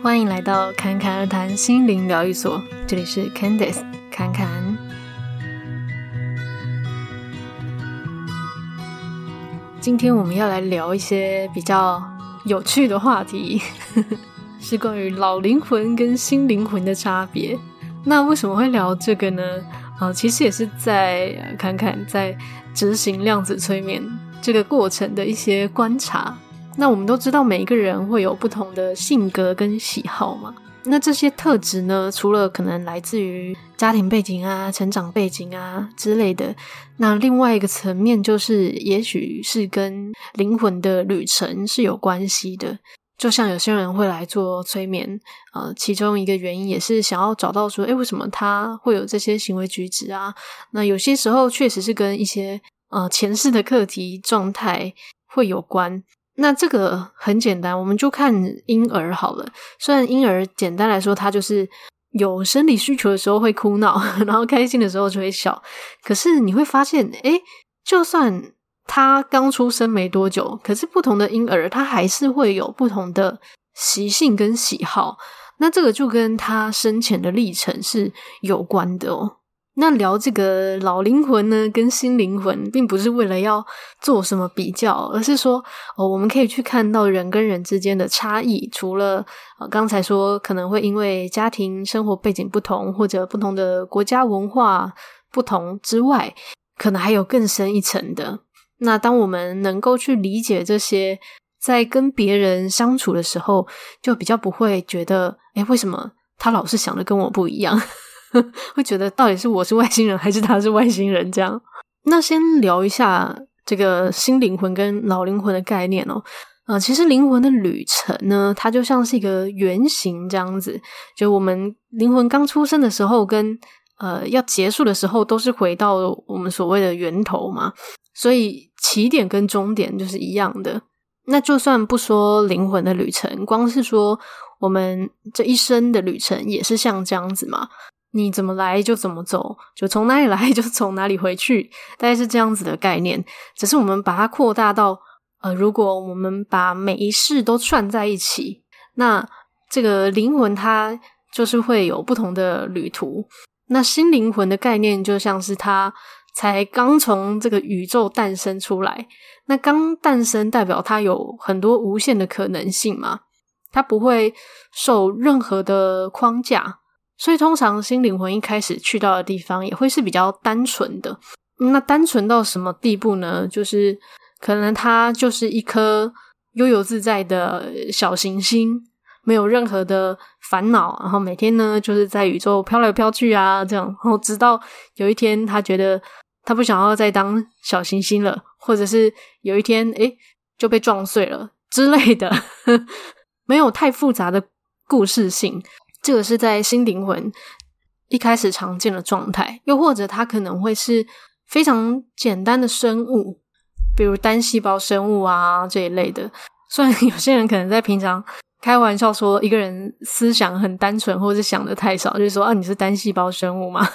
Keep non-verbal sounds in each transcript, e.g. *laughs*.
歡迎來到坎坎而談心靈療癒所，這裡是 Candice 坎坎。今天我們要來聊一些比較有趣的話題呵呵，是關於老靈魂跟新靈魂的差別。那為什麼會聊這個呢？啊、哦，其實也是在坎坎在執行量子催眠這個過程的一些觀察。那我們都知道，每一個人會有不同的性格跟喜好嘛。那這些特質呢，除了可能來自於家庭背景啊、成長背景啊之類的，那另外一個層面就是，也許是跟靈魂的旅程是有關係的。就像有些人會來做催眠，呃，其中一個原因也是想要找到說，哎，為什麼他會有這些行為舉止啊？那有些時候確實是跟一些呃前世的課題狀態會有關。那這個很簡單，我們就看嬰兒好了。雖然嬰兒簡單來說，他就是有生理需求的時候會哭鬧，然後開心的時候就會笑。可是你會發現，誒，就算他剛出生沒多久，可是不同的嬰兒，他還是會有不同的習性跟喜好。那這個就跟他生前的歷程是有關的哦。那聊這個老靈魂呢，跟新靈魂，並不是為了要做什麼比較，而是說，哦，我們可以去看到人跟人之間的差異。除了，呃，剛才說可能會因為家庭生活背景不同，或者不同的國家文化不同之外，可能還有更深一層的。那當我們能夠去理解這些，在跟別人相處的時候，就比較不會覺得，誒，為什麼他老是想的跟我不一樣？ *laughs* 會覺得到底是我是外星人還是他是外星人？這樣，那先聊一下這個新靈魂跟老靈魂的概念哦。呃，其實靈魂的旅程呢，它就像是一個圓形這樣子，就我們靈魂剛出生的時候跟呃要結束的時候，都是回到我們所謂的源頭嘛，所以起點跟終點就是一樣的。那就算不說靈魂的旅程，光是說我們這一生的旅程，也是像這樣子嘛。你怎麼來就怎麼走，就從哪裡來就從哪裡回去，大概是這樣子的概念。只是我們把它擴大到，呃，如果我們把每一世都串在一起，那這個靈魂它就是會有不同的旅途。那新靈魂的概念就像是它才剛從這個宇宙誕生出來，那剛誕生代表它有很多無限的可能性嘛，它不會受任何的框架。所以，通常新靈魂一開始去到的地方也會是比較單純的，嗯。那單純到什麼地步呢？就是可能他就是一顆悠遊自在的小行星，沒有任何的煩惱，然後每天呢就是在宇宙飄來飄去啊，這樣。然後直到有一天，他覺得他不想要再當小行星了，或者是有一天誒、欸、就被撞碎了之類的， *laughs* 沒有太複雜的故事性。這個是在新靈魂一開始常見的狀態，又或者它可能會是非常簡單的生物，比如單細胞生物啊這一類的。雖然有些人可能在平常開玩笑說一個人思想很單純，或者是想的太少，就是說啊你是單細胞生物嘛，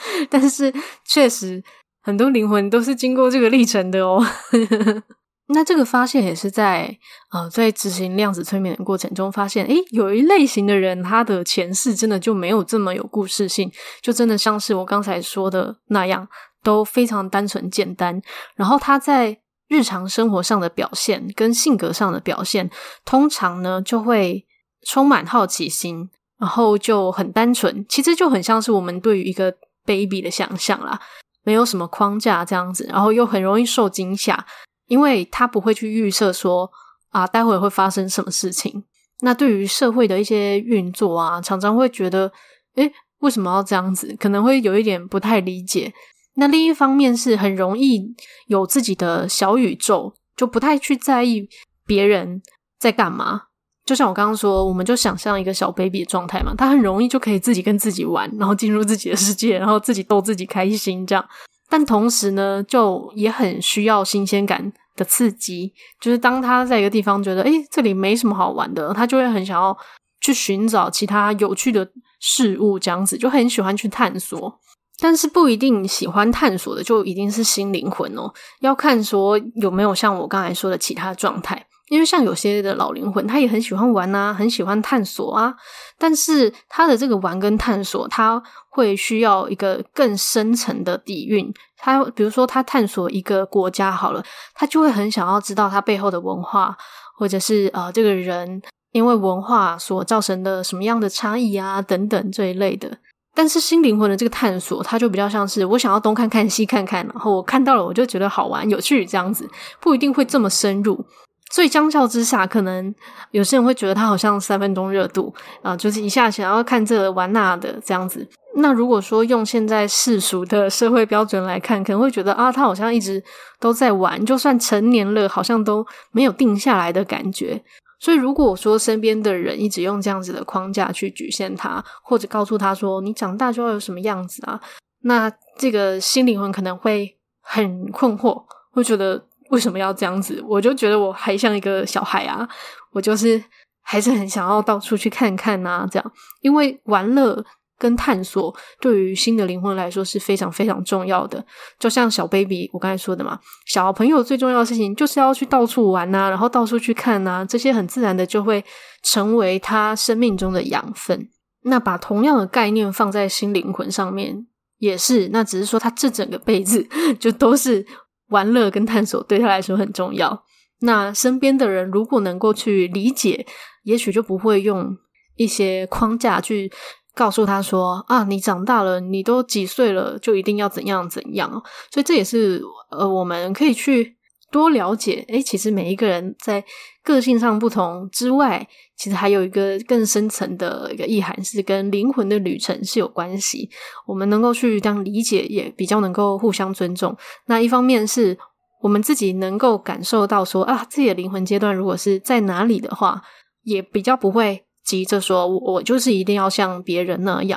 *laughs* 但是確實很多靈魂都是經過這個歷程的哦。 *laughs* 那這個發現也是在呃，在執行量子催眠的過程中發現，誒，有一類型的人，他的前世真的就沒有這麼有故事性，就真的像是我剛才說的那樣，都非常單純簡單。然後他在日常生活上的表現跟性格上的表現，通常呢就會充滿好奇心，然後就很單純，其實就很像是我們對於一個 baby 的想象啦，沒有什麼框架這樣子，然後又很容易受驚嚇。因為他不會去預設說啊，待會會發生什麼事情。那對於社會的一些運作啊，常常會覺得，誒，為什麼要這樣子？可能會有一點不太理解。那另一方面是很容易有自己的小宇宙，就不太去在意別人在幹嘛。就像我剛剛說，我們就想象一個小 baby 的狀態嘛，他很容易就可以自己跟自己玩，然後進入自己的世界，然後自己逗自己開心這樣。但同時呢，就也很需要新鮮感。的刺激，就是當他在一個地方覺得，誒，這裡沒什麼好玩的，他就會很想要去尋找其他有趣的事物，這樣子就很喜歡去探索。但是不一定喜歡探索的就一定是新靈魂哦，要看說有沒有像我剛才說的其他狀態。因為像有些的老靈魂，他也很喜歡玩啊，很喜歡探索啊，但是他的這個玩跟探索，他會需要一個更深層的底蘊。他比如說他探索一個國家好了，他就會很想要知道他背後的文化，或者是呃這個人因為文化所造成的什麼樣的差異啊等等這一類的。但是新靈魂的這個探索，他就比較像是我想要東看看西看看，然後我看到了我就覺得好玩有趣這樣子，不一定會這麼深入。所以相較之下，可能有些人會覺得他好像三分鐘熱度啊、呃，就是一下想要看這玩那的這樣子。那如果說用現在世俗的社會標準來看，可能會覺得啊，他好像一直都在玩，就算成年了，好像都沒有定下來的感覺。所以如果說身邊的人一直用這樣子的框架去侷限他，或者告訴他說，你長大就要有什麼樣子啊，那這個新靈魂可能會很困惑，會覺得。為什麼要這樣子？我就覺得我還像一個小孩啊，我就是還是很想要到處去看看啊，這樣，因為玩樂跟探索對於新的靈魂來說是非常非常重要的。就像小 baby，我剛才說的嘛，小朋友最重要的事情就是要去到處玩啊，然後到處去看啊，這些很自然的就會成為他生命中的養分。那把同樣的概念放在新靈魂上面也是，那只是說他這整個輩子就都是。玩樂跟探索對他來說很重要。那身邊的人如果能夠去理解，也許就不會用一些框架去告訴他說：“啊，你長大了，你都幾歲了，就一定要怎樣怎樣。”所以這也是呃，我們可以去。多了解，誒、欸、其實每一個人在個性上不同之外，其實還有一個更深層的一個意涵，是跟靈魂的旅程是有關係。我們能夠去這樣理解，也比較能夠互相尊重。那一方面是我們自己能夠感受到說，說啊，自己的靈魂階段如果是在哪裡的話，也比較不會急着說我，我就是一定要像別人那樣。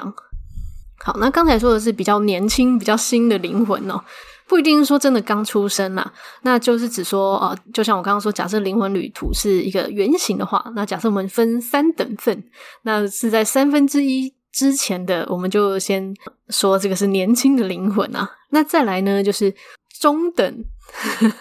好，那剛才說的是比較年輕、比較新的靈魂哦、喔。不一定說真的剛出生啦、啊，那就是只說哦、呃，就像我剛剛說，假設靈魂旅途是一個圓形的話，那假設我們分三等份，那是在三分之一之前的，我們就先說這個是年輕的靈魂啊。那再來呢，就是中等，呵呵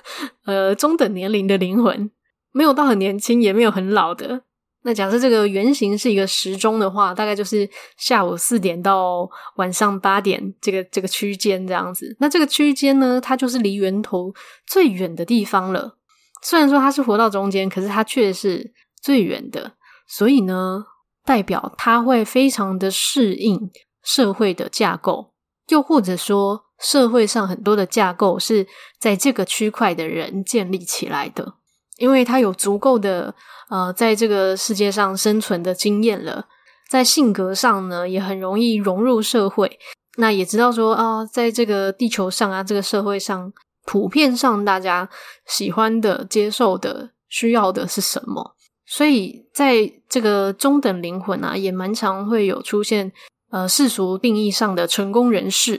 呃，中等年齡的靈魂，沒有到很年輕，也沒有很老的。那假設這個圓形是一個時鐘的話，大概就是下午四點到晚上八點這個這個區間這樣子。那這個區間呢，它就是離源頭最遠的地方了。雖然說它是活到中間，可是它卻是最遠的。所以呢，代表它會非常的適應社會的架構，又或者說社會上很多的架構是在這個區塊的人建立起來的。因為他有足夠的呃，在這個世界上生存的經驗了，在性格上呢，也很容易融入社會。那也知道說啊、哦，在這個地球上啊，這個社會上，普遍上大家喜歡的、接受的、需要的是什麼？所以在這個中等靈魂啊，也蠻常會有出現呃世俗定義上的成功人士，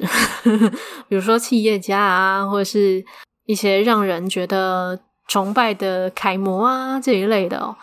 *laughs* 比如說企業家啊，或者是一些讓人覺得崇拜的楷模啊，這一類的哦。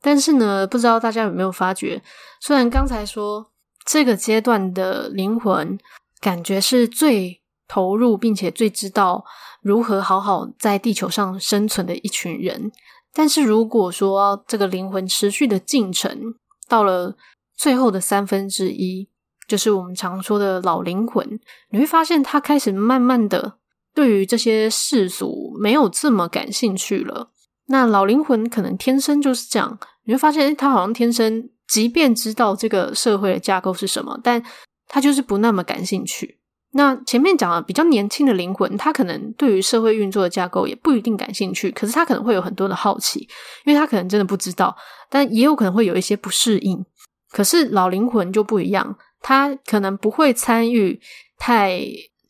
但是呢，不知道大家有沒有發覺，雖然剛才說這個階段的靈魂感覺是最投入，並且最知道如何好好在地球上生存的一群人，但是如果說這個靈魂持續的進程到了最後的三分之一，就是我們常說的老靈魂，你會發現它開始慢慢的。對於這些世俗沒有這麼感興趣了。那老靈魂可能天生就是這樣，你會發現，他好像天生，即便知道這個社會的架構是什麼，但他就是不那麼感興趣。那前面講的比較年輕的靈魂，他可能對於社會運作的架構也不一定感興趣，可是他可能會有很多的好奇，因為他可能真的不知道，但也有可能會有一些不適應。可是老靈魂就不一樣，他可能不會參與太。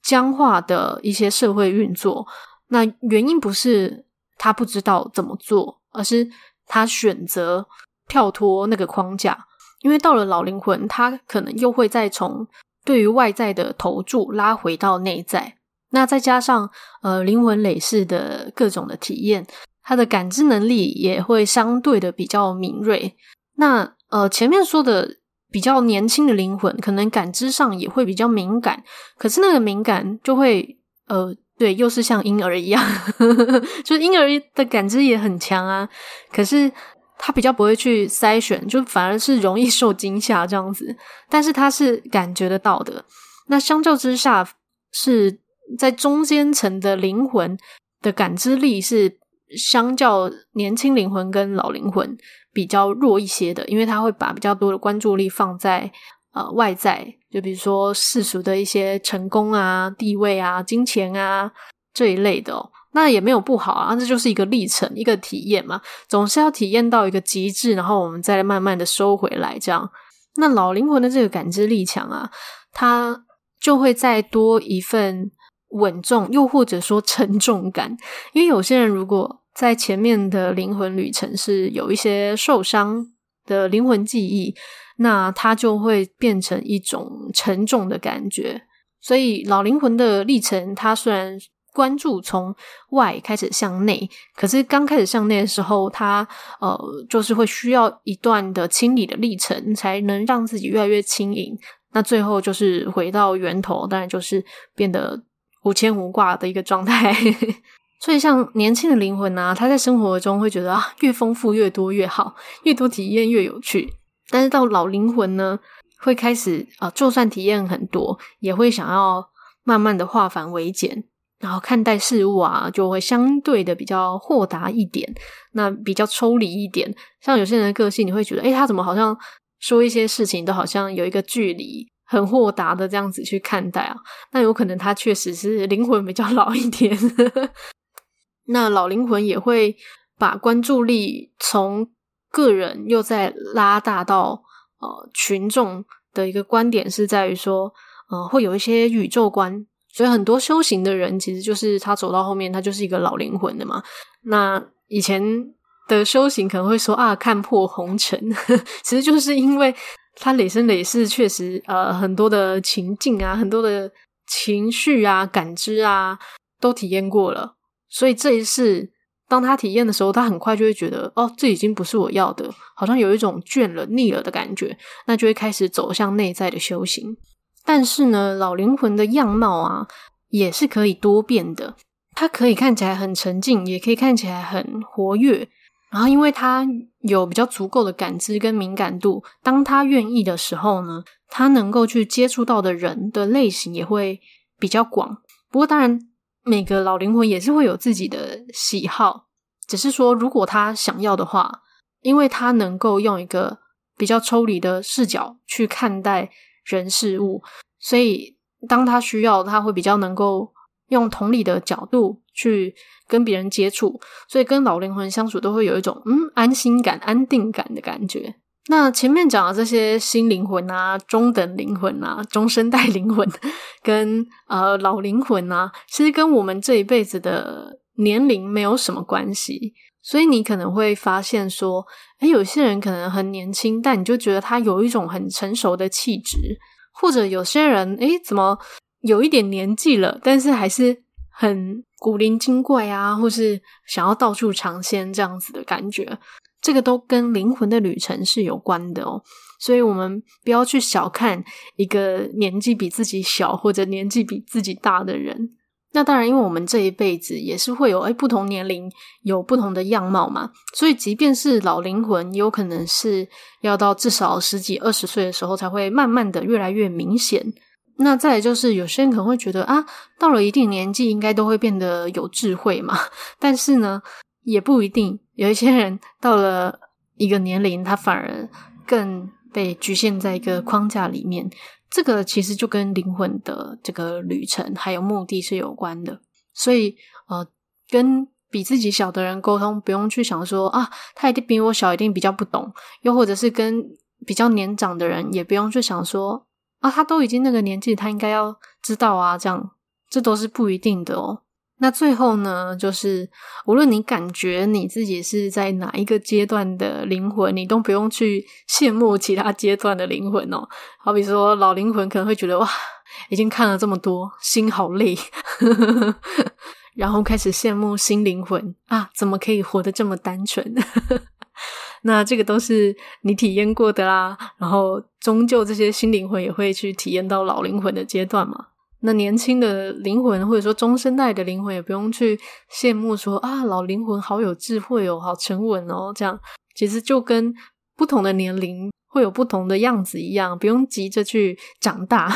僵化的一些社會運作，那原因不是他不知道怎麼做，而是他選擇跳脫那個框架。因為到了老靈魂，他可能又會再從對於外在的投注拉回到內在。那再加上呃靈魂累世的各種的體驗，他的感知能力也會相對的比較敏銳。那呃前面說的。比較年輕的靈魂，可能感知上也會比較敏感，可是那個敏感就會呃，對，又是像嬰兒一樣， *laughs* 就嬰兒的感知也很強啊。可是他比較不會去篩選，就反而是容易受驚嚇這樣子。但是他是感覺得到的。那相較之下，是在中間層的靈魂的感知力是相較年輕靈魂跟老靈魂比較弱一些的，因為他會把比較多的關注力放在呃外在，就比如說世俗的一些成功啊、地位啊、金錢啊這一類的喔。那也沒有不好啊，這就是一個歷程、一個體驗嘛。總是要體驗到一個極致，然後我們再慢慢的收回來。這樣，那老靈魂的這個感知力強啊，他就會再多一份穩重，又或者說沉重感。因為有些人如果。在前面的靈魂旅程是有一些受傷的靈魂記憶，那它就會變成一種沉重的感覺。所以老靈魂的歷程，它雖然關注從外開始向內，可是剛開始向內的時候，它呃就是會需要一段的清理的歷程，才能讓自己越來越輕盈。那最後就是回到源頭，當然就是變得無牽無掛的一個狀態。 *laughs* 所以，像年輕的靈魂啊，他在生活中會覺得啊，越豐富越多越好，越多體驗越有趣。但是到老靈魂呢，會開始啊、呃，就算體驗很多，也會想要慢慢的化繁為簡，然後看待事物啊，就會相對的比較豁達一點，那比較抽離一點。像有些人的個性，你會覺得，哎、欸，他怎麼好像說一些事情都好像有一個距離，很豁達的這樣子去看待啊？那有可能他確實是靈魂比較老一點呵呵。那老靈魂也會把關注力從個人又再拉大到呃群眾的一個觀點是在於說，呃，會有一些宇宙觀，所以很多修行的人其實就是他走到後面，他就是一個老靈魂的嘛。那以前的修行可能會說啊，看破紅塵， *laughs* 其實就是因為他累生累世，確實呃很多的情境啊、很多的情緒啊、感知啊都體驗過了。所以這一次，當他體驗的時候，他很快就會覺得，哦，這已經不是我要的，好像有一種倦了、膩了的感覺，那就會開始走向內在的修行。但是呢，老靈魂的樣貌啊，也是可以多變的，他可以看起來很沉靜，也可以看起來很活躍。然後，因為他有比較足夠的感知跟敏感度，當他願意的時候呢，他能夠去接觸到的人的類型也會比較廣。不過，當然。每個老靈魂也是會有自己的喜好，只是說如果他想要的話，因為他能夠用一個比較抽離的視角去看待人事物，所以當他需要，他會比較能夠用同理的角度去跟別人接觸，所以跟老靈魂相處都會有一種嗯安心感、安定感的感覺。那前面講的這些新靈魂啊、中等靈魂啊、中生代靈魂，跟呃老靈魂啊，其實跟我們這一輩子的年齡沒有什麼關係。所以你可能會發現說，哎，有些人可能很年輕，但你就覺得他有一種很成熟的氣質；或者有些人，哎，怎麼有一點年紀了，但是還是。很古靈精怪啊，或是想要到處嘗鮮這樣子的感覺，這個都跟靈魂的旅程是有關的哦。所以，我們不要去小看一個年紀比自己小或者年紀比自己大的人。那當然，因為我們這一輩子也是會有誒、欸、不同年齡有不同的樣貌嘛。所以，即便是老靈魂，也有可能是要到至少十幾、二十歲的時候，才會慢慢的越來越明顯。那再來就是，有些人可能會覺得啊，到了一定年紀，應該都會變得有智慧嘛。但是呢，也不一定。有一些人到了一個年齡，他反而更被局限在一個框架裡面。這個其實就跟靈魂的這個旅程還有目的是有關的。所以，呃，跟比自己小的人溝通，不用去想說啊，他一定比我小，一定比較不懂。又或者是跟比較年長的人，也不用去想說。啊，他都已經那個年紀，他應該要知道啊，這樣這都是不一定的哦。那最後呢，就是無論你感覺你自己是在哪一個階段的靈魂，你都不用去羨慕其他階段的靈魂哦。好比說老靈魂可能會覺得哇，已經看了這麼多，心好累， *laughs* 然後開始羨慕新靈魂啊，怎麼可以活得這麼單純？ *laughs* 那這個都是你體驗過的啦，然後終究這些新靈魂也會去體驗到老靈魂的階段嘛。那年輕的靈魂或者說中生代的靈魂也不用去羨慕說啊，老靈魂好有智慧哦，好沉穩哦，這樣其實就跟不同的年齡會有不同的樣子一樣，不用急着去長大，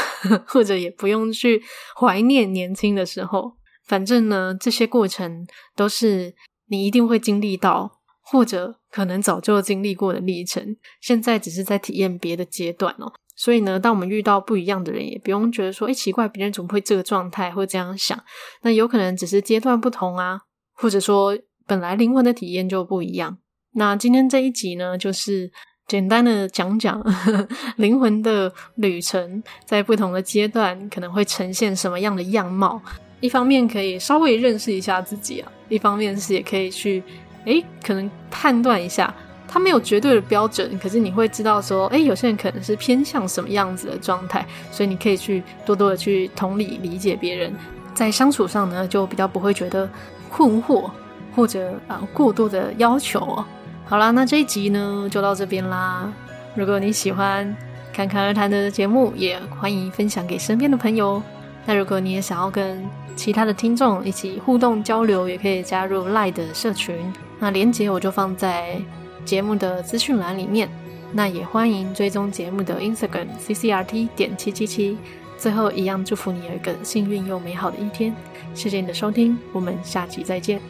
或者也不用去懷念年輕的時候。反正呢，這些過程都是你一定會經歷到。或者可能早就經歷過的歷程，現在只是在體驗別的階段哦。所以呢，當我們遇到不一樣的人，也不用覺得說，誒，奇怪，別人怎麼會這個狀態，會這樣想。那有可能只是階段不同啊，或者說本來靈魂的體驗就不一樣。那今天這一集呢，就是簡單的講講，呵呵，靈魂的旅程，在不同的階段可能會呈現什麼樣的樣貌。一方面可以稍微認識一下自己啊，一方面是也可以去。哎，可能判斷一下，它沒有絕對的標準，可是你會知道說，哎，有些人可能是偏向什麼樣子的狀態，所以你可以去多多的去同理理解別人，在相處上呢，就比較不會覺得困惑，或者啊、呃、過多的要求。好啦，那這一集呢，就到這邊啦。如果你喜歡侃侃而談的節目，也歡迎分享給身邊的朋友。那如果你也想要跟其他的聽眾一起互動交流，也可以加入 Line 的社群。那連接我就放在節目的資訊欄裡面，那也歡迎追蹤節目的 Instagram CCRT 點七七七。最後，一樣祝福你有一個幸運又美好的一天。謝謝你的收聽，我們下期再見。